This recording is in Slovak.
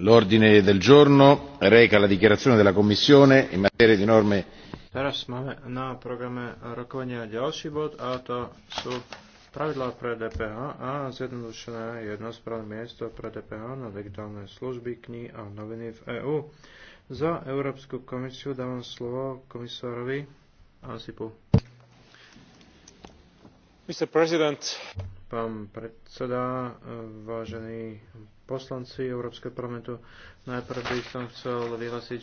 l'ordine del giorno reca la dichiarazione della commissione in materia di norme Teraz máme na programe rokovania ďalší bod a to sú pravidlá pre DPH a zjednodušené jednosprávne miesto pre DPH na digitálne služby, knihy a noviny v EÚ. Za Európsku komisiu dávam slovo komisárovi Ansipu. Mr. President. Pán predseda, vážený poslanci Európskeho parlamentu. Najprv by som chcel vyhlásiť,